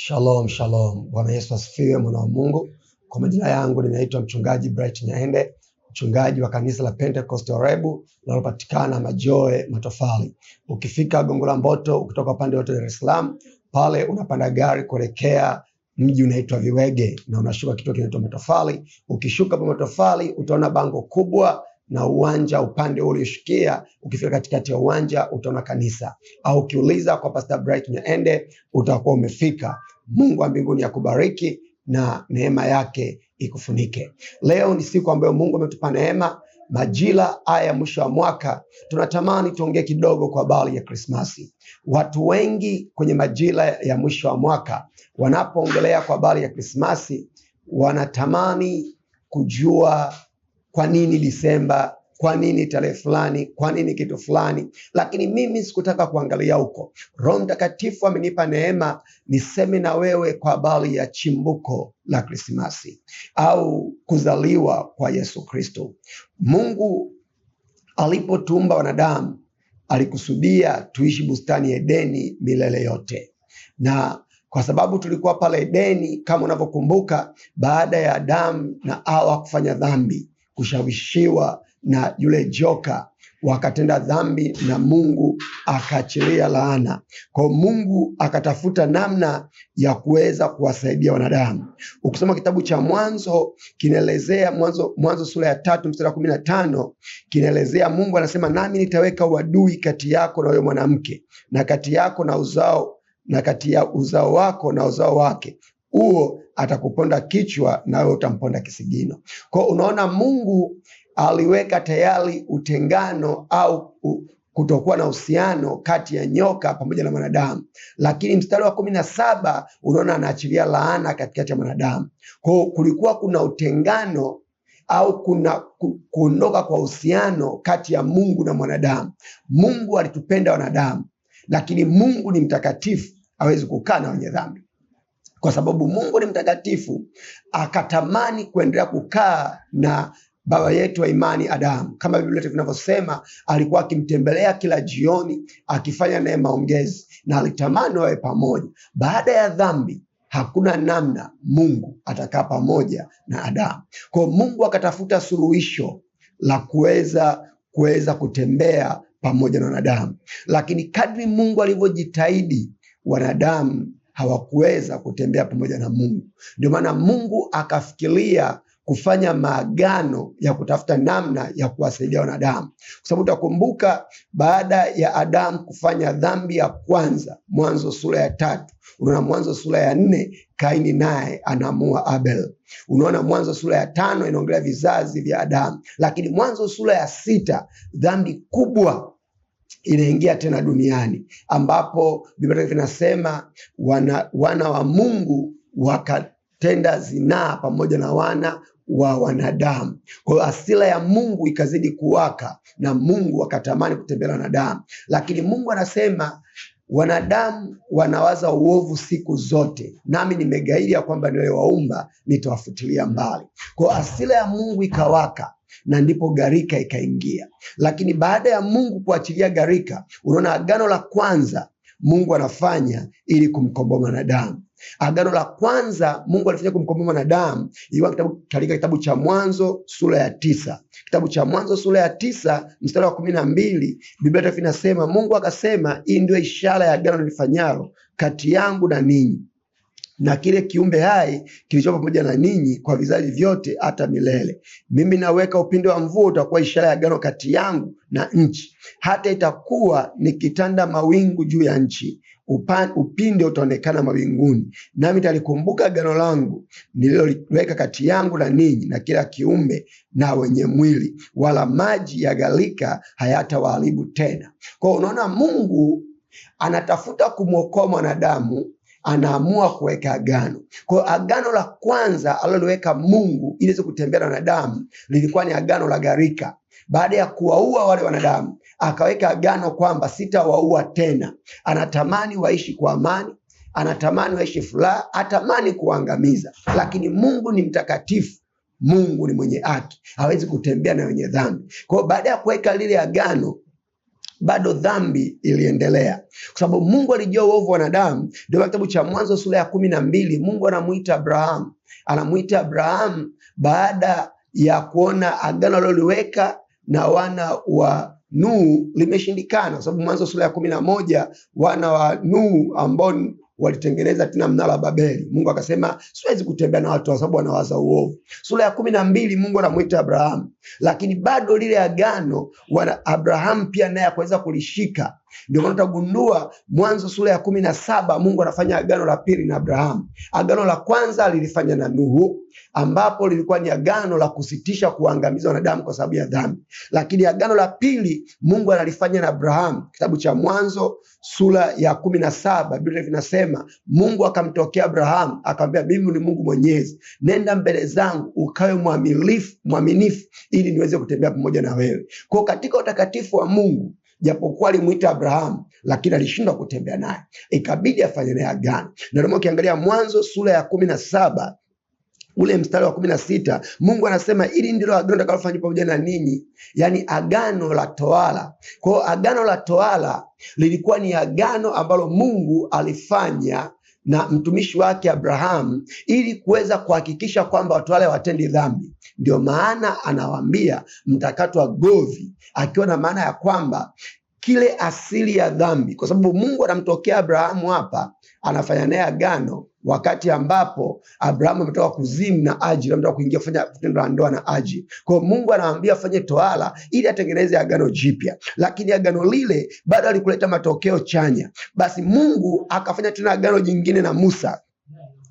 Shalom, shalom. Bwana Yesu asifiwe, mwana wa Mungu. Kwa majina yangu ninaitwa mchungaji Bright Nyaende, mchungaji wa kanisa la Pentecost Orebu linalopatikana Majoe Matofali. Ukifika Gongo la Mboto, ukitoka upande wote Dar es Salaam, pale unapanda gari kuelekea mji unaitwa Viwege na unashuka kituo kinaitwa Matofali. Ukishuka pa Matofali utaona bango kubwa na uwanja upande ulioshikia, ukifika katikati ya uwanja utaona kanisa, au ukiuliza kwa Pastor Bright Nyaende utakuwa umefika. Mungu wa mbinguni akubariki na neema yake ikufunike. Leo ni siku ambayo Mungu ametupa neema. Majira haya ya mwisho wa mwaka, tunatamani tuongee kidogo kwa bali ya Krismasi. Watu wengi kwenye majira ya mwisho wa mwaka wanapoongelea kwa bali ya Krismasi wanatamani kujua kwa nini Disemba, kwa nini tarehe fulani, kwa nini kitu fulani, lakini mimi sikutaka kuangalia huko. Roho Mtakatifu amenipa neema niseme na wewe kwa habari ya chimbuko la Krismasi au kuzaliwa kwa Yesu Kristo. Mungu alipotuumba wanadamu alikusudia tuishi bustani Edeni milele yote, na kwa sababu tulikuwa pale Edeni, kama unavyokumbuka, baada ya Adamu na Hawa kufanya dhambi kushawishiwa na yule joka wakatenda dhambi na Mungu akaachilia laana. Kwa Mungu akatafuta namna ya kuweza kuwasaidia wanadamu. Ukisoma kitabu cha Mwanzo kinaelezea Mwanzo, Mwanzo sura ya tatu mstari wa kumi na tano kinaelezea Mungu anasema, nami nitaweka uadui kati yako na huyo mwanamke na kati yako na uzao na kati ya uzao wako na uzao wake, huo atakuponda kichwa, nawe utamponda kisigino. Kwa unaona, Mungu aliweka tayari utengano au kutokuwa na uhusiano kati ya nyoka pamoja na mwanadamu, lakini mstari wa kumi na saba unaona anaachilia laana katikati ya mwanadamu. Kwao kulikuwa kuna utengano au kuna kuondoka kwa uhusiano kati ya Mungu na mwanadamu. Mungu alitupenda wanadamu, lakini Mungu ni mtakatifu, hawezi kukaa na wenye dhambi kwa sababu Mungu ni mtakatifu, akatamani kuendelea kukaa na baba yetu wa imani Adamu, kama Biblia tunavyosema, alikuwa akimtembelea kila jioni, akifanya naye maongezi na alitamani wawe pamoja. Baada ya dhambi hakuna namna Mungu atakaa pamoja na Adamu. Kwa hiyo Mungu akatafuta suluhisho la kuweza kuweza kutembea pamoja na wanadamu, lakini kadri Mungu alivyojitahidi wanadamu hawakuweza kutembea pamoja na Mungu. Ndio maana Mungu akafikiria kufanya maagano ya kutafuta namna ya kuwasaidia wanadamu, kwa sababu utakumbuka baada ya Adamu kufanya dhambi ya kwanza, Mwanzo sura ya tatu, unaona Mwanzo sura ya nne, Kaini naye anamua Abel. Unaona Mwanzo sura ya tano inaongelea vizazi vya Adamu, lakini Mwanzo sura ya sita dhambi kubwa inaingia tena duniani, ambapo Biblia vinasema wana, wana wa Mungu wakatenda zinaa pamoja na wana wa wanadamu. Kwa hiyo asila ya Mungu ikazidi kuwaka na Mungu akatamani kutembea na wanadamu, lakini Mungu anasema wanadamu wanawaza uovu siku zote, nami nimegairi ya kwamba waumba nitawafutilia mbali. Kwa asila ya Mungu ikawaka na ndipo gharika ikaingia. Lakini baada ya Mungu kuachilia gharika, unaona agano la kwanza Mungu anafanya ili kumkomboa mwanadamu. Agano la kwanza Mungu alifanya kumkomboa mwanadamu ilikuwa kitabu, katika kitabu cha Mwanzo sura ya tisa. Kitabu cha Mwanzo sura ya tisa mstari wa kumi na mbili Biblia Takatifu inasema, Mungu akasema, hii ndio ishara ya agano nilifanyalo kati yangu na ninyi na kile kiumbe hai kilicho pamoja na ninyi kwa vizazi vyote hata milele. Mimi naweka upinde wa mvua utakuwa ishara ya agano kati yangu na nchi, hata itakuwa nikitanda mawingu juu ya nchi Upan, upinde utaonekana mawinguni, nami talikumbuka agano langu nililoweka kati yangu na ninyi na kila kiumbe na wenye mwili, wala maji ya gharika hayatawaharibu tena. Kwa unaona, Mungu anatafuta kumwokoa mwanadamu anaamua kuweka agano. Kwa hiyo agano la kwanza aliloliweka Mungu ili iweze kutembea na wanadamu lilikuwa ni agano la gharika. Baada ya kuwaua wale wanadamu, akaweka agano kwamba sitawaua tena. Anatamani waishi kwa amani, anatamani waishi furaha, atamani kuangamiza, lakini Mungu ni mtakatifu. Mungu ni mwenye haki, hawezi kutembea na wenye dhambi. Kwa hiyo baada ya kuweka lile agano bado dhambi iliendelea, kwa sababu Mungu alijua uovu wa wanadamu. Ndio kitabu cha Mwanzo sura ya kumi na mbili Mungu anamuita abraham anamuita Abrahamu baada ya kuona agano aliloliweka na wana wa Nuhu limeshindikana, kwa sababu Mwanzo sura ya kumi na moja wana wa Nuhu ambao walitengeneza tena mnara wa Babeli. Mungu akasema siwezi kutembea na watu kwa sababu wanawaza uovu. Sura ya kumi na mbili Mungu anamuita Abrahamu, lakini bado lile agano wana Abrahamu pia naye akaweza kulishika ndio maana utagundua Mwanzo sura ya kumi na saba Mungu anafanya agano la pili na Abrahamu. Agano la kwanza lilifanya na Nuhu, ambapo lilikuwa ni agano la kusitisha kuangamiza wanadamu kwa sababu ya dhambi, lakini agano la pili Mungu analifanya na Abrahamu. Kitabu cha Mwanzo sura ya kumi na saba Biblia inasema Mungu akamtokea Abrahamu akamwambia, mimi ni Mungu Mwenyezi, nenda mbele zangu ukawe mwaminifu, mwaminifu ili niweze kutembea pamoja na wewe. Kwa katika utakatifu wa Mungu japokuwa alimwita Abrahamu, lakini alishindwa kutembea naye, ikabidi afanye naye agano. Na ndio ukiangalia Mwanzo sura ya kumi na saba ule mstari wa kumi na sita Mungu anasema ili ndilo agano nitakalofanya pamoja na ninyi, yaani agano la toala Kwa hiyo agano la toala lilikuwa ni agano ambalo Mungu alifanya na mtumishi wake Abrahamu ili kuweza kuhakikisha kwamba watu wale watendi dhambi. Ndio maana anawaambia mtakatwa govi, akiwa na maana ya kwamba kile asili ya dhambi, kwa sababu Mungu anamtokea Abrahamu hapa, anafanya naye agano wakati ambapo Abrahamu ametoka kuzimu na Haji, ametoka kuingia kufanya tendo la ndoa na aji Kwa hiyo Mungu anamwambia afanye tohara ili atengeneze agano jipya, lakini agano lile bado alikuleta matokeo chanya. Basi Mungu akafanya tena agano jingine na Musa.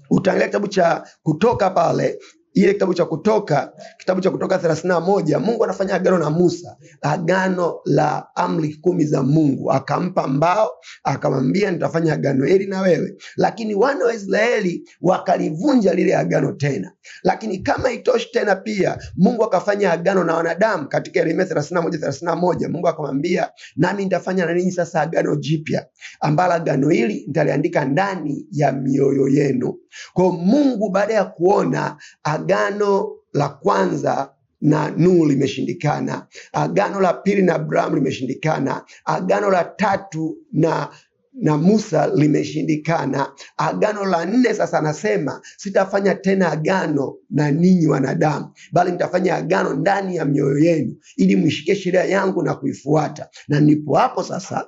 Utaangalia kitabu cha Kutoka pale ile kitabu cha Kutoka, kitabu cha Kutoka thelathini na moja, Mungu anafanya agano na Musa, agano la amri kumi za Mungu. Akampa mbao, akamwambia nitafanya agano hili na wewe, lakini wana wa Israeli wakalivunja lile agano tena. Lakini kama itoshi tena, pia Mungu akafanya agano na wanadamu katika Yeremia thelathini na moja thelathini na moja, Mungu akamwambia, nami nitafanya na ninyi sasa agano jipya, ambalo agano hili nitaliandika ndani ya mioyo yenu. Kwa Mungu baada ya kuona agano Agano la kwanza na Nuhu limeshindikana, agano la pili na Abrahamu limeshindikana, agano la tatu na na Musa limeshindikana. Agano la nne sasa anasema sitafanya tena agano na ninyi wanadamu, bali nitafanya agano ndani ya mioyo yenu, ili mwishike sheria yangu na kuifuata. Na nipo hapo sasa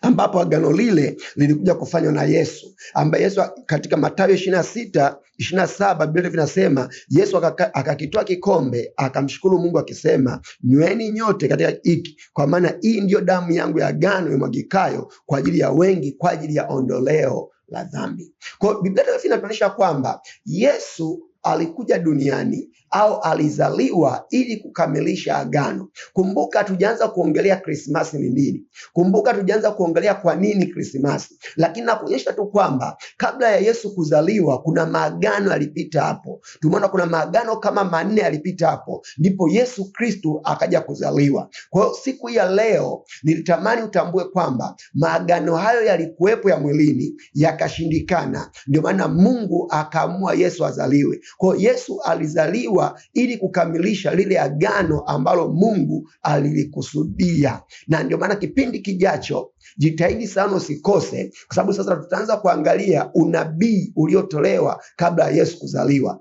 ambapo agano lile lilikuja kufanywa na Yesu, ambaye Yesu katika Mathayo ishirini na sita ishirini na saba Biblia vinasema Yesu akakitoa kikombe akamshukuru Mungu akisema, nyweni nyote katika hiki, kwa maana hii ndiyo damu yangu ya agano imwagikayo kwa ajili ya wengi kwa ajili ya ondoleo la dhambi. Kwa hiyo Biblia inatuonyesha kwamba Yesu alikuja duniani au alizaliwa ili kukamilisha agano. Kumbuka tujaanza kuongelea Krismasi ni nini, kumbuka tujaanza kuongelea kwa nini Krismasi, lakini nakuonyesha tu kwamba kabla ya Yesu kuzaliwa kuna maagano yalipita hapo. Tumeona kuna maagano kama manne yalipita hapo, ndipo Yesu Kristu akaja kuzaliwa. Kwa hiyo siku ya leo nilitamani utambue kwamba maagano hayo yalikuwepo ya mwilini, yakashindikana, ndio maana Mungu akaamua Yesu azaliwe. Kwa Yesu alizaliwa ili kukamilisha lile agano ambalo Mungu alilikusudia, na ndio maana kipindi kijacho jitahidi sana usikose, kwa sababu sasa tutaanza kuangalia unabii uliotolewa kabla ya Yesu kuzaliwa.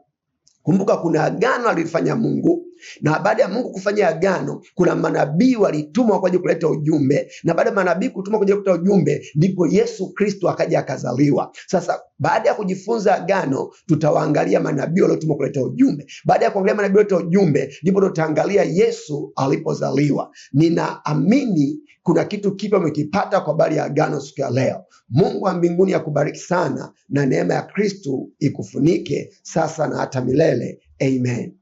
Kumbuka kuna agano alifanya Mungu na baada ya Mungu kufanya agano, kuna manabii walitumwa kwa ajili kuleta ujumbe, na baada ya manabii kutumwa kwa ajili kuleta ujumbe, ndipo Yesu Kristo akaja akazaliwa. Sasa baada ya kujifunza agano, tutawaangalia manabii waliotumwa kuleta ujumbe. Baada ya kuangalia manabii waleta ujumbe, ndipo tutaangalia Yesu alipozaliwa. Ninaamini kuna kitu kipya umekipata kwa habari ya agano siku ya leo. Mungu wa mbinguni akubariki sana, na neema ya Kristo ikufunike sasa na hata milele. Amen.